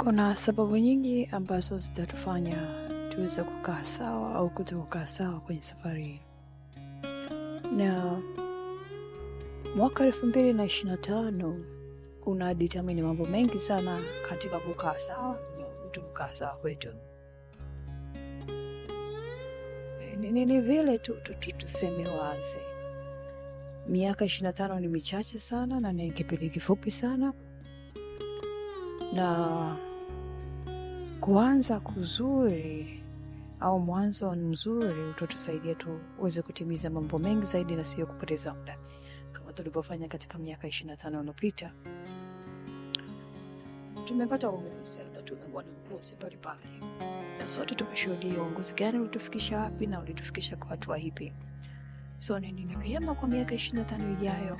Kuna sababu nyingi ambazo zitatufanya tuweze kukaa sawa au kukaa sawa kwenye safari hii, na mwaka elfu mbili na ishirini na tano una ditamini mambo mengi sana katika kukaa sawa na kukaa sawa kwetu. Ni, ni vile tu, tuseme wazi, miaka ishirini na tano ni michache sana na ni kipindi kifupi sana na Kuanza kuzuri au mwanzo mzuri utatusaidia uweze kutimiza mambo mengi zaidi na sio kupoteza muda kama tulivyofanya katika miaka 25 iliyopita. Tumepata uongozi na tumekuwa na uongozi na sote tumeshuhudia uongozi gani ulitufikisha wapi na ulitufikisha kwa hatua ipi. So ni vyema kwa miaka 25 ijayo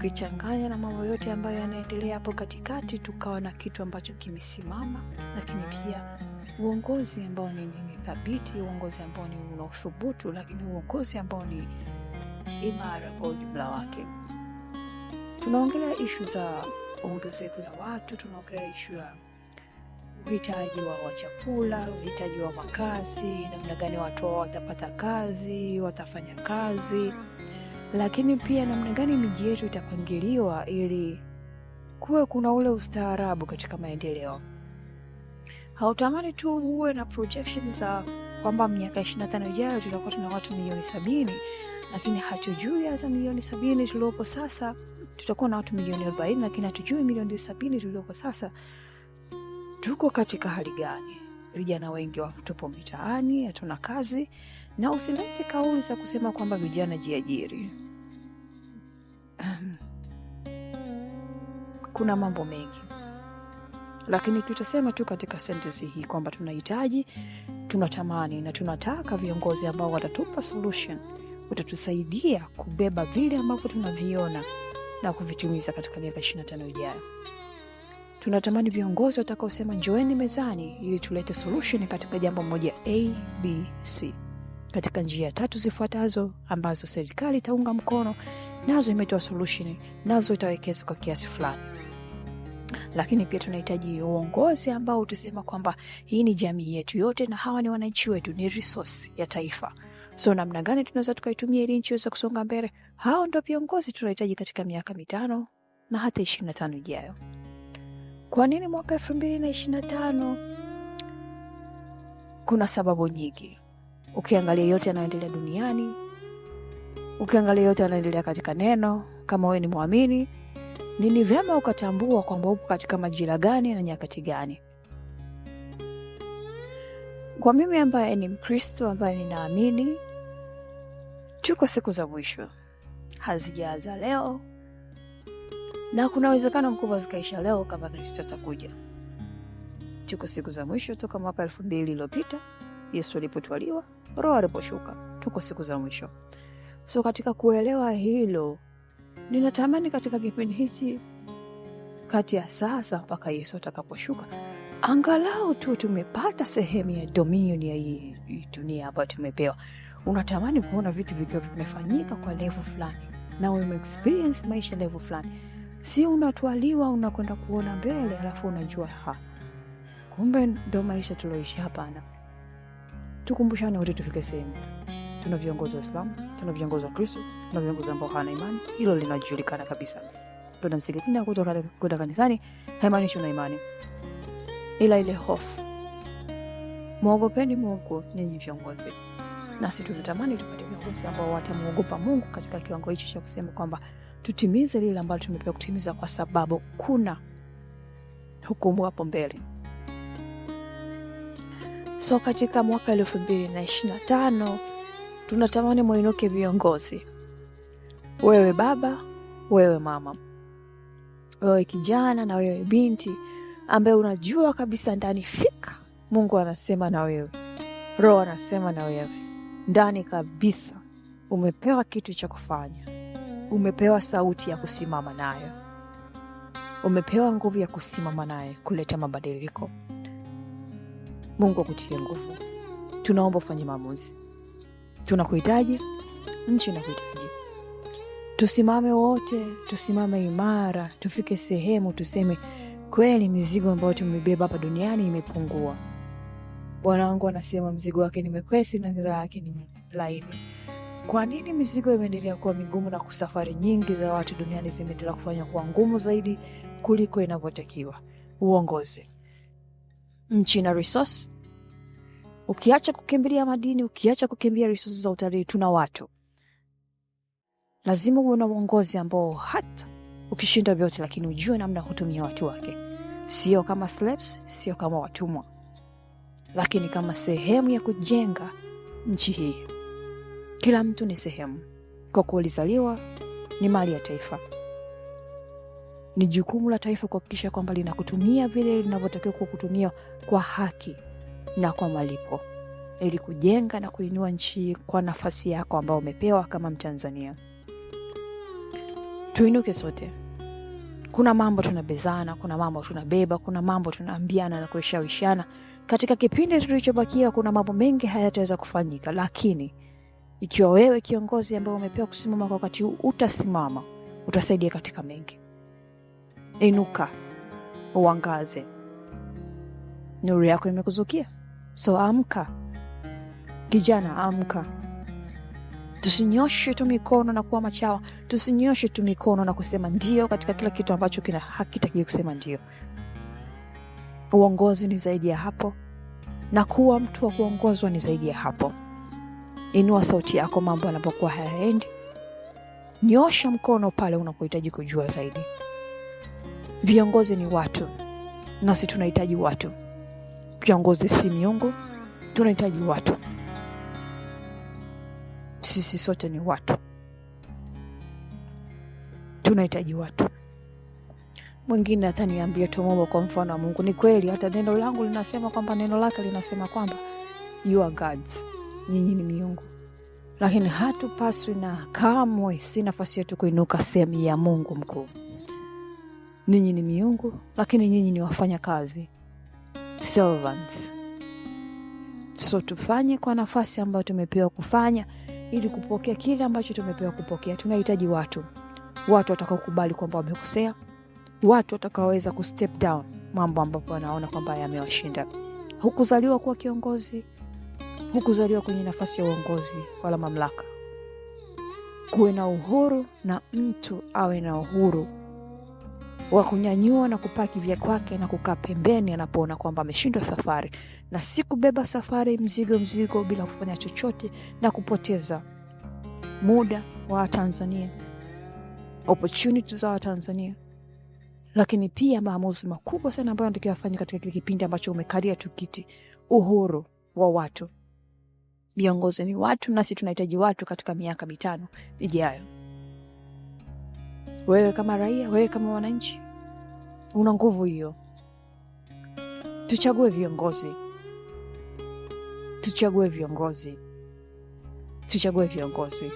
tukichanganya na mambo yote ambayo yanaendelea hapo katikati, tukawa na kitu ambacho kimesimama, lakini pia uongozi ambao ni, ni thabiti, uongozi ambao ni una uthubutu, lakini uongozi ambao ni imara kwa ujumla wake. Tunaongelea ishu za ongezeko la watu, tunaongelea ishu ya uhitaji wa, wa chakula, uhitaji wa makazi, namna gani watu hao watapata kazi, watafanya kazi lakini pia namna gani miji yetu itapangiliwa ili kuwe kuna ule ustaarabu katika maendeleo. Hautamani tu uwe na projection za kwamba miaka 25 ijayo tutakuwa tuna watu milioni sabini, lakini hatujui hata milioni sabini tuliopo sasa tutakuwa na watu milioni arobaini, lakini hatujui milioni sabini tuliopo sasa tuko katika hali gani. Vijana wengi watupo mitaani, hatuna kazi, na usilete kauli za kusema kwamba vijana jiajiri. Um, kuna mambo mengi lakini tutasema tu katika sentensi hii kwamba tunahitaji, tunatamani na tunataka viongozi ambao watatupa solution, watatusaidia kubeba vile ambavyo tunaviona na kuvitimiza katika miaka 25 ijayo. Tunatamani viongozi watakaosema njoeni mezani ili tulete solution katika jambo moja abc katika njia tatu zifuatazo ambazo serikali itaunga mkono nazo, imetoa solution nazo, itawekeza kwa kiasi fulani lakini pia tunahitaji uongozi ambao utasema kwamba hii ni jamii yetu yote na hawa ni wananchi wetu, ni resource ya taifa. So namna gani tunaweza tukaitumia ili nchi iweze kusonga mbele? Hao ndo viongozi tunahitaji katika miaka mitano na hata ishirini na tano ijayo. Kwa nini mwaka elfu mbili na ishirini na tano? Kuna sababu nyingi ukiangalia yote yanayoendelea duniani, ukiangalia yote yanaendelea katika neno, kama wewe ni mwamini, ni vyema ukatambua kwamba upo katika majira gani na nyakati gani. Kwa mimi ambaye ni Mkristo ambaye ninaamini tuko siku za mwisho, hazijaza leo na kuna uwezekano mkubwa zikaisha leo kama Kristo atakuja. Tuko siku za mwisho toka mwaka elfu mbili iliyopita. Yesu alipotwaliwa, Roho aliposhuka, tuko siku za mwisho. So katika kuelewa hilo, ninatamani katika kipindi hichi kati ya sasa mpaka Yesu atakaposhuka, angalau tu tumepata sehemu ya dominion ya hii dunia ambayo tumepewa. Unatamani kuona vitu vikiwa vimefanyika kwa level fulani na umeexperience maisha level fulani, si unatwaliwa unakwenda kuona mbele, alafu unajua ha, kumbe ndo maisha tulioishi. Hapana tukumbushane wote tufike sehemu. Tuna viongozi wa Islamu, tuna viongozi wa Kristo, tuna viongozi ambao hawana imani. Hilo linajulikana kabisa. tuna msikitini au kwenda kanisani haimaanishi una imani, ila ile hofu. Mwogopeni Mungu ninyi viongozi, nasi tunatamani tupate viongozi ambao watamwogopa Mungu katika kiwango hicho cha kusema kwamba tutimize lile ambalo tumepewa kutimiza, kwa sababu kuna hukumu hapo mbele. So katika mwaka elfu mbili na ishirini na tano tunatamani mwinuke viongozi, wewe baba, wewe mama, wewe kijana na wewe binti ambaye unajua kabisa ndani fika Mungu anasema na wewe, Roho anasema na wewe ndani kabisa, umepewa kitu cha kufanya, umepewa sauti ya kusimama nayo, umepewa nguvu ya kusimama naye kuleta mabadiliko. Mungu akutie nguvu. Tunaomba ufanye maamuzi, tunakuhitaji, nchi inakuhitaji. Tusimame wote, tusimame imara, tufike sehemu tuseme kweli, mizigo ambayo tumebeba hapa duniani imepungua. Bwana wangu anasema mzigo wake ni mwepesi na nira yake ni laini. Kwa nini mizigo imeendelea kuwa migumu na kusafari nyingi za watu duniani zimeendelea kufanywa kuwa ngumu zaidi kuliko inavyotakiwa? Uongozi nchi na resource. Ukiacha kukimbilia madini, ukiacha kukimbia resource za utalii, tuna watu. Lazima uwe na uongozi ambao hata ukishinda vyote, lakini ujue namna hutumia watu wake, sio kama slaves, sio kama watumwa, lakini kama sehemu ya kujenga nchi hii. Kila mtu ni sehemu, kwa kuwa ulizaliwa ni mali ya taifa ni jukumu la taifa kuhakikisha kwamba linakutumia vile linavyotakiwa kukutumia kwa haki na kwa malipo ili kujenga na kuinua nchi kwa nafasi yako ambayo umepewa kama Mtanzania. Tuinuke sote. Kuna mambo tunabezana, kuna mambo tunabeba, kuna mambo tunaambiana na kushawishana. Katika kipindi tulichobakia, kuna mambo mengi hayataweza kufanyika, lakini ikiwa wewe kiongozi ambaye umepewa kusimama kwa wakati huu utasimama, utasaidia katika mengi. Inuka uangaze, nuru yako imekuzukia. So amka kijana, amka. Tusinyoshe tu mikono na kuwa machawa, tusinyoshe tu mikono na kusema ndio katika kila kitu ambacho kina hakitakiwi kusema ndio. Uongozi ni zaidi ya hapo, na kuwa mtu wa kuongozwa ni zaidi ya hapo. Inua sauti yako mambo yanapokuwa hayaendi, nyosha mkono pale unapohitaji kujua zaidi. Viongozi ni watu, nasi tunahitaji watu. Viongozi si miungu, tunahitaji watu. Sisi sote ni watu, tunahitaji watu. Mwingine ataniambia tumombo kwa mfano wa Mungu. Ni kweli, hata neno langu linasema kwamba neno lake linasema kwamba you are gods, nyinyi ni miungu, lakini hatupaswi na kamwe si nafasi yetu kuinuka sehemu ya Mungu mkuu. Ninyi ni miungu, lakini nyinyi ni wafanya kazi, servants. So tufanye kwa nafasi ambayo tumepewa kufanya, ili kupokea kile ambacho tumepewa kupokea. Tunahitaji watu, watu watakaokubali kwamba wamekosea, watu watakaoweza step down mambo ambapo wanaona kwamba yamewashinda. Hukuzaliwa kuwa kiongozi, hukuzaliwa kwenye nafasi ya uongozi wala mamlaka. Kuwe na uhuru na mtu awe na uhuru wa kunyanyua na kupaki vya kwake na kukaa pembeni anapoona kwamba ameshindwa safari, na si kubeba safari mzigo mzigo bila kufanya chochote na kupoteza muda wa Watanzania, opportunity za Watanzania, lakini pia maamuzi makubwa sana ambayo natakiwa afanye katika kile kipindi ambacho umekalia tukiti uhuru wa watu. miongozi ni watu, nasi tunahitaji watu katika miaka mitano ijayo. Wewe kama raia, wewe kama wananchi, una nguvu hiyo. Tuchague viongozi, tuchague viongozi, tuchague viongozi.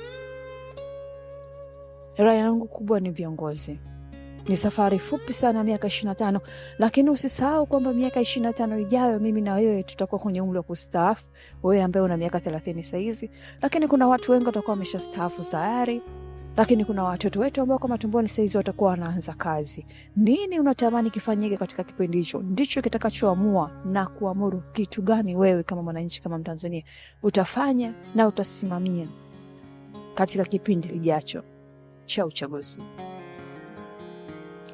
Hera yangu kubwa ni viongozi. Ni safari fupi sana, miaka ishirini na tano, lakini usisahau kwamba miaka ishirini na tano ijayo mimi na wewe tutakuwa kwenye umri wa kustaafu, wewe ambaye una miaka thelathini sahizi, lakini kuna watu wengi watakuwa wameshastaafu tayari lakini kuna watoto wetu ambao kwa matumboni saizi watakuwa wanaanza kazi. Nini unatamani kifanyike katika kipindi hicho, ndicho kitakachoamua na kuamuru kitu gani wewe kama mwananchi, kama Mtanzania utafanya na utasimamia katika kipindi kijacho cha uchaguzi.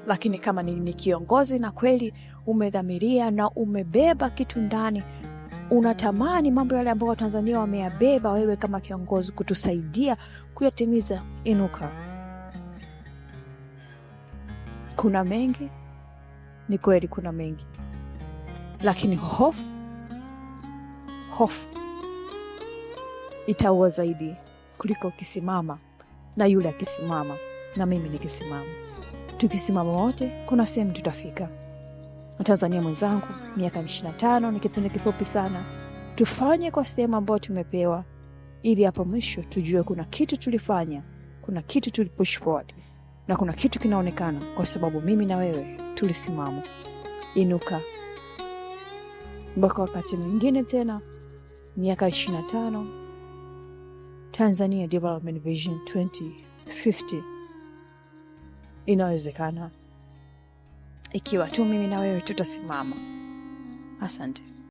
Lakini kama ni, ni kiongozi na kweli umedhamiria na umebeba kitu ndani unatamani mambo yale ambayo Watanzania wameyabeba, wewe kama kiongozi kutusaidia kuyatimiza. Inuka, kuna mengi, ni kweli, kuna mengi, lakini hofu, hofu itaua zaidi kuliko ukisimama, na yule akisimama na mimi nikisimama, tukisimama wote, kuna sehemu tutafika. Mtanzania mwenzangu, miaka 25 ni kipindi kifupi sana. Tufanye kwa sehemu ambayo tumepewa, ili hapo mwisho tujue kuna kitu tulifanya, kuna kitu tulipush forward na kuna kitu kinaonekana, kwa sababu mimi na wewe tulisimama. Inuka mpaka wakati mwingine tena, miaka 25. Tanzania Development Vision 2050 inawezekana ikiwa tu mimi na wewe tutasimama. Asante.